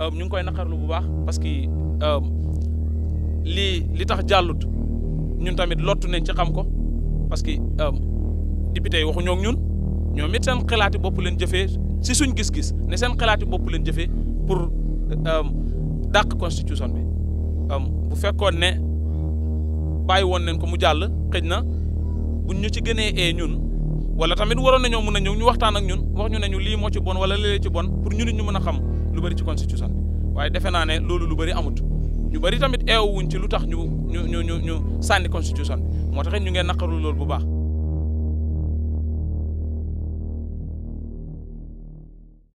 Euh, ñu ngi koy naqarlu bu baax parce que euh, lii li tax jàllut ñun tamit lottu nañ ci xam ko parce que euh, député yi waxuñoo ak ñun ñoom it seen xalaati bopp leen jëfee si suñ gis-gis ne seen xalaati bopp leen jëfee pour dàq constitution bi bu fekkoon ne bàyyi woon nañ ko mu jàll xëj na buñ ñu ci gënee ee ñun wala tamit waroon nañoo mën a ñëw ñu waxtaan ak ñun wax ñu ne ñu lii moo ci bon wala léeg ci bon pour ñu ñu mën a xam. lu bëri ci constitution bi waaye defe naa ne loolu lu bëri amut ñu bëri tamit eewuñ ci lu tax ñu ñu ñu ñu sànni constitution bi moo tax ñu ngeen naqarul loolu bu baax